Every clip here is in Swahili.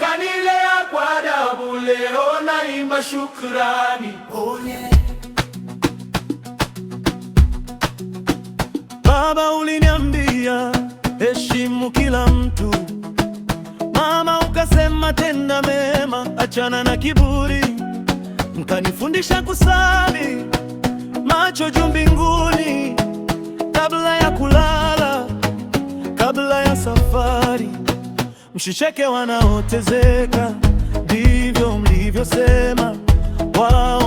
kanilea kwa adabu, leo naimba shukrani. Oh, yeah. Baba uliniambia heshimu kila mtu, mama ukasema tenda mema, achana na kiburi, mkanifundisha kusali macho juu mbinguni Msicheke wanaotezeka, ndivyo mlivyosema wao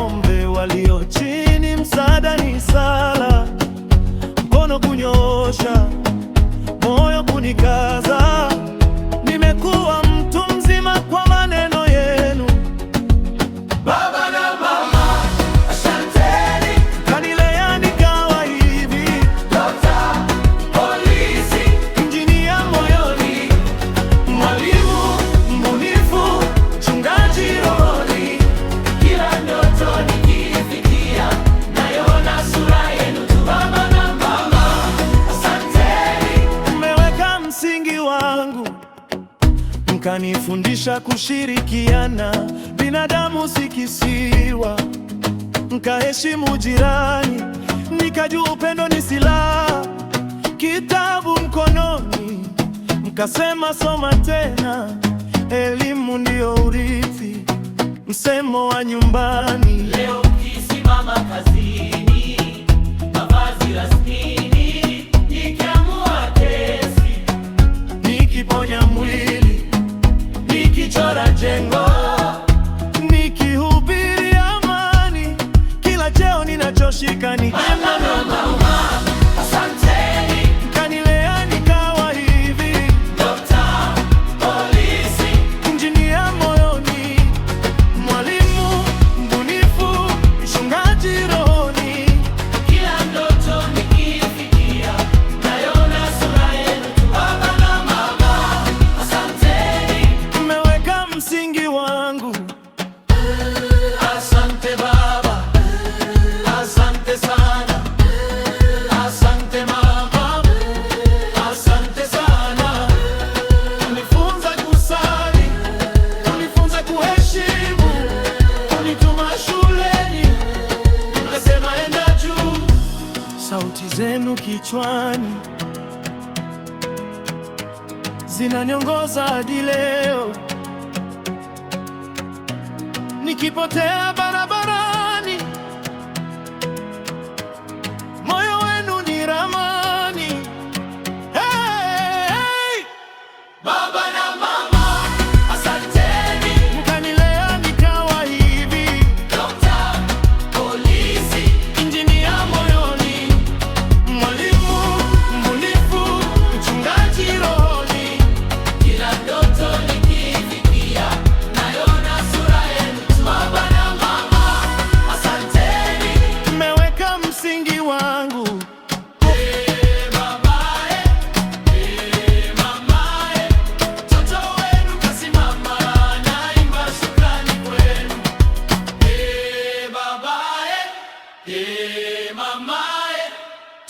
mkanifundisha kushirikiana, binadamu si kisiwa, mkaheshimu jirani, nikajua upendo ni silaha, kitabu mkononi, mkasema soma tena, elimu ndiyo urithi, msemo wa nyumbani Leo. jengo nikihubiri amani, kila cheo ninachoshika ni zenu kichwani zinaniongoza hadi leo nikipotea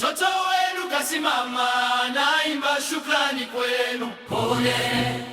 mtoto wenu kasimama, naimba shukrani kwenu. Pole